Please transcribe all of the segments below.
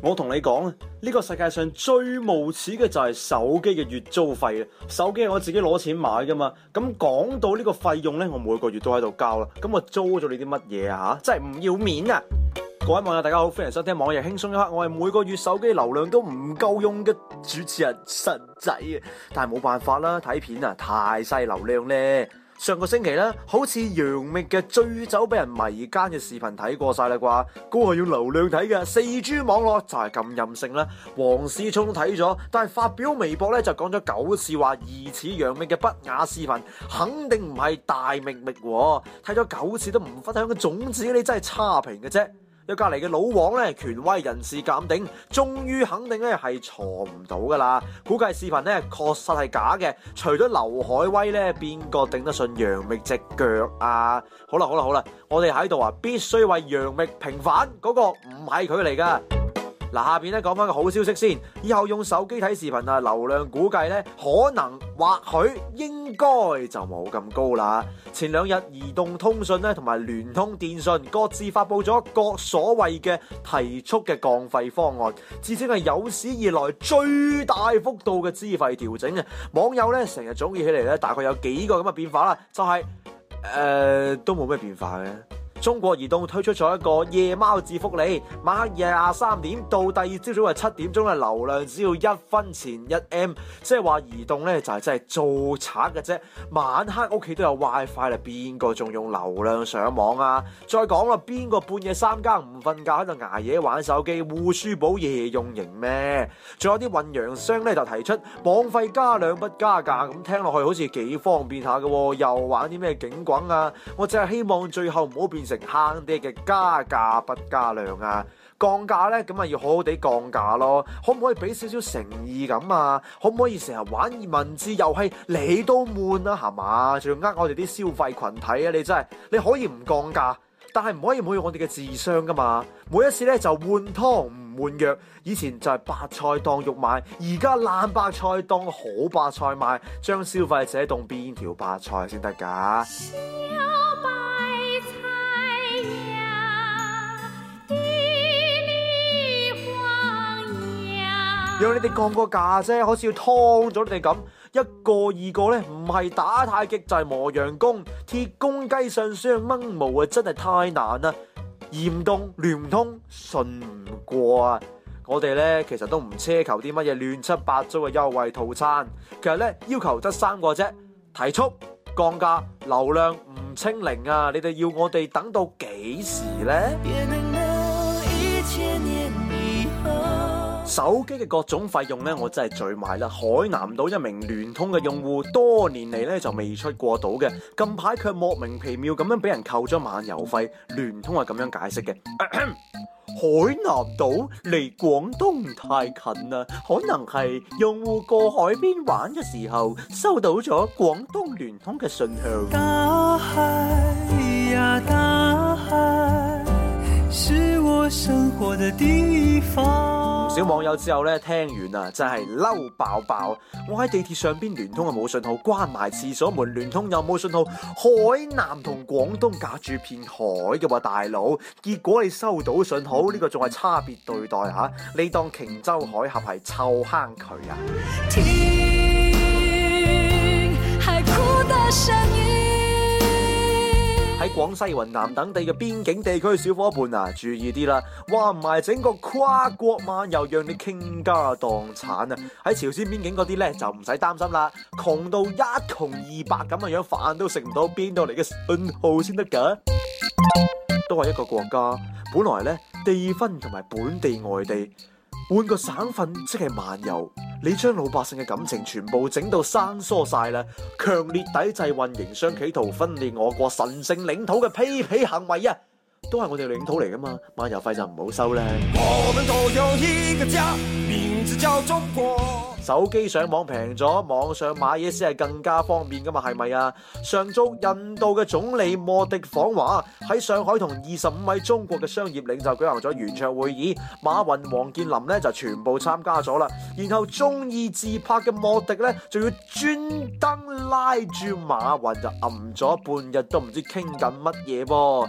我同你講啊，呢個世界上最無恥嘅就係手機嘅月租費啊！手機係我自己攞錢買噶嘛，咁講到呢個費用呢，我每個月都喺度交啦，咁我租咗你啲乜嘢啊？真係唔要面啊！各位網友大家好，歡迎收聽網易輕鬆一刻，我係每個月手機流量都唔夠用嘅主持人神仔啊，但係冇辦法啦，睇片啊太細流量呢。上個星期咧，好似楊冪嘅醉酒俾人迷奸嘅視頻睇過晒啦啩，嗰個係要流量睇嘅四 G 網絡就係咁任性啦。王思聰睇咗，但係發表微博咧就講咗九次話疑似楊冪嘅不雅視頻，肯定唔係大冪冪喎。睇咗九次都唔分享個種子，你真係差評嘅啫。有隔離嘅老王咧，權威人士鑑定，終於肯定咧係坐唔到噶啦，估計視頻咧確實係假嘅。除咗劉海威咧，邊個頂得順楊冪隻腳啊？好啦好啦好啦，我哋喺度啊，必須為楊冪平反，嗰個唔係佢嚟噶。嗱，下邊咧講翻個好消息先。以後用手機睇視頻啊，流量估計咧可能、或許、應該就冇咁高啦。前兩日移動通訊咧同埋聯通電信各自發布咗各所謂嘅提速嘅降費方案，自稱係有史以來最大幅度嘅資費調整啊。網友咧成日總結起嚟咧，大概有幾個咁嘅變化啦，就係、是、誒、呃、都冇咩變化嘅。中國移動推出咗一個夜貓子福利，晚黑廿三點到第二朝早係七點鐘嘅流量，只要一分錢一 M，即係話移動呢就係真係做賊嘅啫。晚黑屋企都有 WiFi 啦，邊個仲用流量上網啊？再講啦，邊個半夜三更唔瞓覺喺度挨夜玩手機？護舒寶夜用型咩？仲有啲運營商呢就提出網費加量不加價，咁聽落去好似幾方便下嘅，又玩啲咩警滾啊？我淨係希望最後唔好變。成坑爹嘅加價不加量啊，降價呢，咁咪要好好地降價咯，可唔可以俾少少誠意咁啊？可唔可以成日玩文字遊戲？你都悶啊，係嘛？仲要呃我哋啲消費群體啊！你真係你可以唔降價，但係唔可以侮辱我哋嘅智商噶嘛！每一次呢，就換湯唔換藥，以前就係白菜當肉賣，而家爛白菜當好白菜賣，將消費者當邊條白菜先得噶？讓你哋降個價啫，好似要劏咗你哋咁，一個二個咧？唔係打太極就係磨洋工，鐵公雞上雙掹毛啊！真係太難啦，移動、聯通，信唔過啊！我哋咧其實都唔奢求啲乜嘢亂七八糟嘅優惠套餐，其實咧要求得三個啫，提速、降價、流量唔清零啊！你哋要我哋等到幾時咧？手機嘅各種費用咧，我真係最買啦。海南島一名聯通嘅用戶多年嚟咧，就未出過島嘅，近排卻莫名其妙咁樣俾人扣咗漫遊費。聯通係咁樣解釋嘅：海南島離廣東太近啦，可能係用戶過海邊玩嘅時候收到咗廣東聯通嘅信號。唔少網友之後咧聽完啊，真係嬲爆爆！我喺地鐵上邊聯通又冇信號，關埋廁所門聯通又冇信號。海南同廣東隔住片海嘅話，大佬，結果你收到信號，呢個仲係差別對待吓，啊？你當瓊州海峽係臭坑渠啊？聽廣西、雲南等地嘅邊境地區小伙伴啊，注意啲啦！哇，唔係整個跨國漫遊讓你傾家蕩產啊！喺朝鮮邊境嗰啲呢，就唔使擔心啦，窮到一窮二白咁嘅樣，飯都食唔到，邊度嚟嘅信號先得噶？都係一個國家，本來呢，地分同埋本地外地。換個省份即係漫遊，你將老百姓嘅感情全部整到生疏晒啦！強烈抵制運營商企圖分裂我國神聖領土嘅卑鄙行為啊！都係我哋領土嚟噶嘛，漫遊費就唔好收呢。我們都有一個家，名字叫中國。手機上網平咗，網上買嘢先係更加方便噶嘛，係咪啊？上周印度嘅總理莫迪訪華喺上海同二十五位中國嘅商業領袖舉行咗圓桌會議，馬雲、王健林呢就全部參加咗啦。然後中意自拍嘅莫迪呢，仲要專登拉住馬雲就撳咗半日都唔知傾緊乜嘢噃。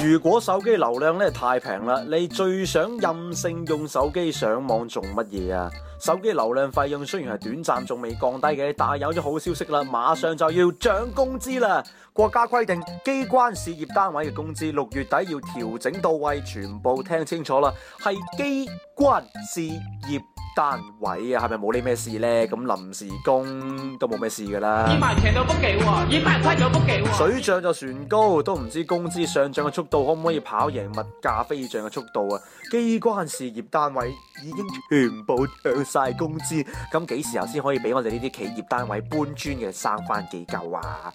如果手機流量咧太平啦，你最想任性用手機上網做乜嘢啊？手機流量費用雖然係短暫仲未降低嘅，但係有咗好消息啦，馬上就要漲工資啦！國家規定機關事業單位嘅工資六月底要調整到位，全部聽清楚啦，係機關事業。單位啊，係咪冇啲咩事呢？咁臨時工都冇咩事噶啦。一百錢都不給我，一百塊都不給我。水漲就船高，都唔知工資上漲嘅速度可唔可以跑贏物價飛漲嘅速度啊！機關事業單位已經全部漲晒工資，咁幾時候先可以俾我哋呢啲企業單位搬磚嘅生翻幾嚿啊？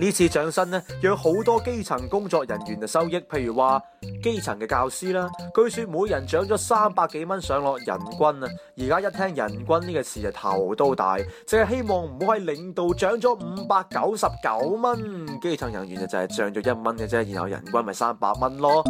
呢次漲薪呢，有好多基層工作人員嘅收益，譬如話基層嘅教師啦，據說每人漲咗三百幾蚊上落人均啊！而家一聽人均呢個詞就頭都大，淨係希望唔好喺領導漲咗五百九十九蚊，基層人員就淨係漲咗一蚊嘅啫，然後人均咪三百蚊咯。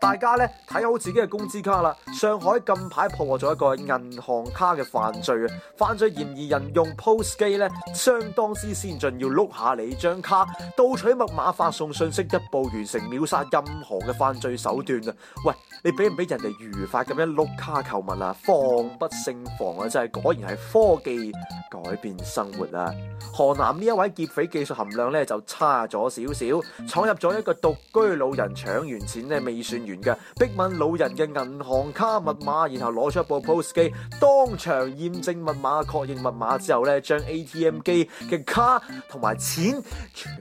大家呢，睇好自己嘅工資卡啦！上海近排破獲咗一個銀行卡嘅犯罪啊，犯罪嫌疑人用 pos 機呢，相當之先進，要碌下你張卡。盜取密碼發送信息，一步完成秒殺任何嘅犯罪手段啊！喂，你俾唔俾人哋愉快咁樣碌卡購物啊？防不勝防啊！真係果然係科技改變生活啊！河南呢一位劫匪技術含量咧就差咗少少，闖入咗一個獨居老人，搶完錢咧未算完嘅，逼問老人嘅銀行卡密碼，然後攞出一部 POS 機，當場驗證密碼，確認密碼之後咧，將 ATM 機嘅卡同埋錢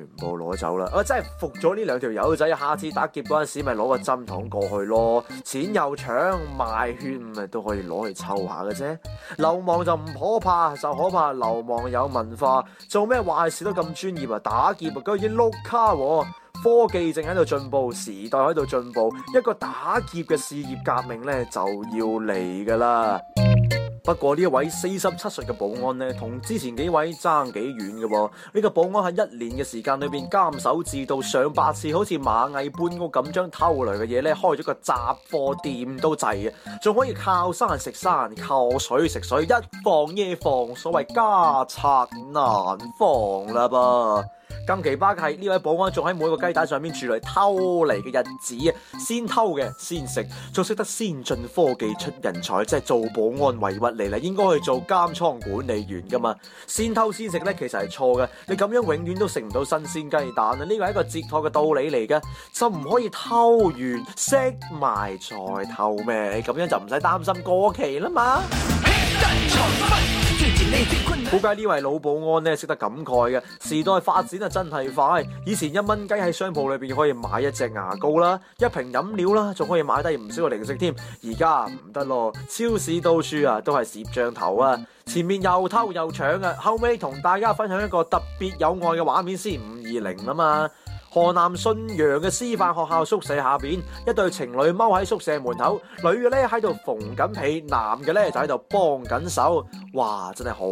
全部攞走啦！我、啊、真係服咗呢兩條友仔，下次打劫嗰陣時咪攞個針筒過去咯。錢又搶賣血咪都可以攞嚟湊下嘅啫。流氓就唔可怕，就可怕流氓有文化，做咩壞事都咁專業啊！打劫、啊、居然碌卡喎！科技正喺度進步，時代喺度進步，一個打劫嘅事業革命呢就要嚟噶啦！不過呢位四十七歲嘅保安呢，同之前幾位爭幾遠嘅喎。呢個保安喺一年嘅時間裏邊，監守自盜上百次，好似螞蟻搬屋咁，將偷來嘅嘢呢，開咗個雜貨店都滯啊！仲可以靠山食山，靠水食水，日防夜防，所謂家賊難防啦噃。更奇葩嘅係，呢位保安仲喺每一個雞蛋上面住嚟偷嚟嘅日子啊！先偷嘅先食，仲識得先進科技出人才，即係做保安委屈嚟啦，應該去做監倉管理員噶嘛！先偷先食呢，其實係錯嘅，你咁樣永遠都食唔到新鮮雞蛋啦！呢個係一個節托嘅道理嚟噶，就唔可以偷完食埋再偷咩？咁樣就唔使擔心過期啦嘛！估計呢位老保安呢識得感慨嘅，時代發展啊真係快，以前一蚊雞喺商鋪裏邊可以買一隻牙膏啦，一瓶飲料啦，仲可以買低唔少嘅零食添，而家唔得咯，超市到處啊都係攝像頭啊，前面又偷又搶啊。後尾同大家分享一個特別有愛嘅畫面先，五二零啊嘛。河南信陽嘅師範學校宿舍下邊，一對情侶踎喺宿舍門口，女嘅咧喺度縫緊被，男嘅咧就喺度幫緊手。哇，真係好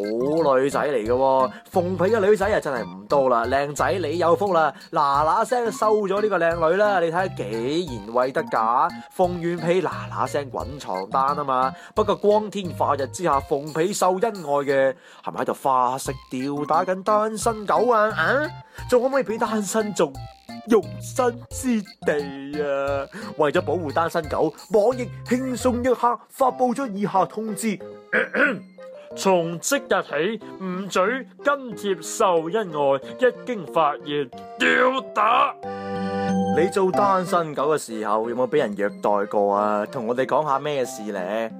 女仔嚟嘅，縫被嘅女仔啊，真係唔多啦。靚仔，你有福啦，嗱嗱聲收咗呢個靚女啦，你睇下幾賢惠得噶，縫完被嗱嗱聲滾床單啊嘛。不過光天化日之下縫被秀恩愛嘅，係咪喺度花式吊打緊單身狗啊？啊！仲可唔可以俾單身族容身之地啊？為咗保護單身狗，網易輕鬆一刻發布咗以下通知：從即日起，唔准跟帖秀恩愛，一經發現吊打。你做單身狗嘅時候有冇俾人虐待過啊？同我哋講下咩事咧？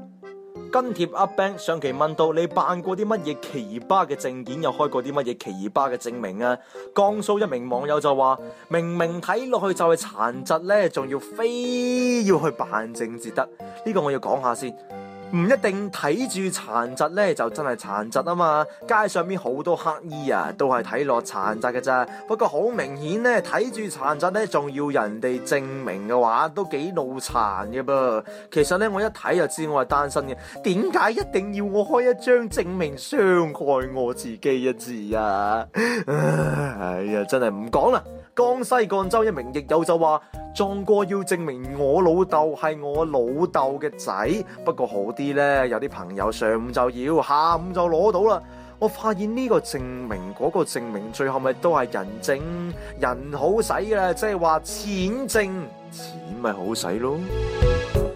跟帖 upbang 上期問到你辦過啲乜嘢奇葩嘅證件，又開過啲乜嘢奇葩嘅證明啊？江蘇一名網友就話：明明睇落去就係殘疾咧，仲要非要去辦證至得？呢個我要講下先。唔一定睇住殘疾呢，就真係殘疾啊嘛！街上面好多乞衣啊，都係睇落殘疾嘅咋。不過好明顯呢，睇住殘疾呢，仲要人哋證明嘅話，都幾腦殘嘅噃。其實呢，我一睇就知我係單身嘅。點解一定要我開一張證明傷害我自己一次啊？唉、 哎、呀，真係唔講啦。江西贛州一名亦友就話：撞過要證明我老豆係我老豆嘅仔。不過好啲。啲咧有啲朋友上午就要，下午就攞到啦。我發現呢個證明，嗰個證明最後咪都係人證人好使噶，即係話錢證錢咪好使咯。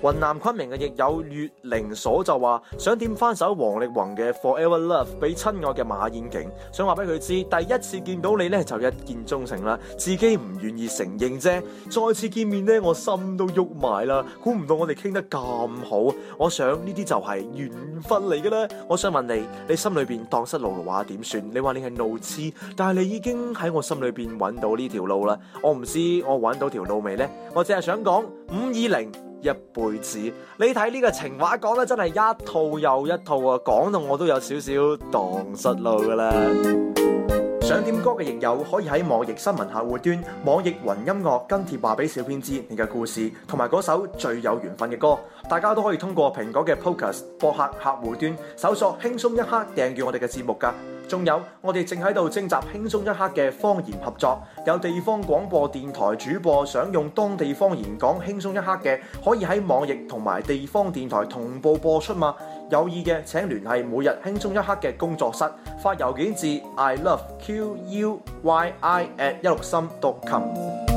雲南昆明嘅亦有月靈鎖就話想點翻首王力宏嘅《Forever Love》俾親愛嘅馬燕景，想話俾佢知第一次見到你呢，就一見鍾情啦，自己唔願意承認啫。再次見面呢，我心都郁埋啦。估唔到我哋傾得咁好，我想呢啲就係緣分嚟嘅啦。我想問你，你心裏邊蕩失路嘅話點算？你話你係怒痴，但係你已經喺我心裏邊揾到呢條路啦。我唔知我揾到條路未呢？我淨係想講五二零。一輩子，你睇呢個情話講得真係一套又一套啊！講到我都有少少蕩失路噶啦。想點歌嘅易友可以喺網易新聞客戶端、網易雲音樂跟帖話俾小編知你嘅故事同埋嗰首最有緣分嘅歌，大家都可以通過蘋果嘅 Podcast 播客客戶端搜索輕鬆一刻訂閱我哋嘅節目噶。仲有，我哋正喺度徵集輕鬆一刻嘅方言合作，有地方廣播電台主播想用當地方言講輕鬆一刻嘅，可以喺網易同埋地方電台同步播出嘛？有意嘅請聯繫每日輕鬆一刻嘅工作室，發郵件至 i love q u y i at 一六三 dot com。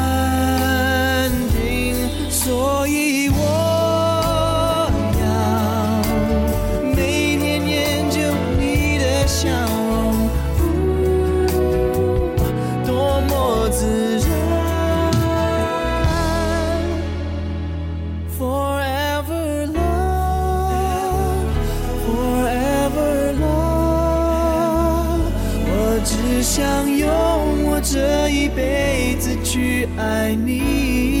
這一輩子去愛你。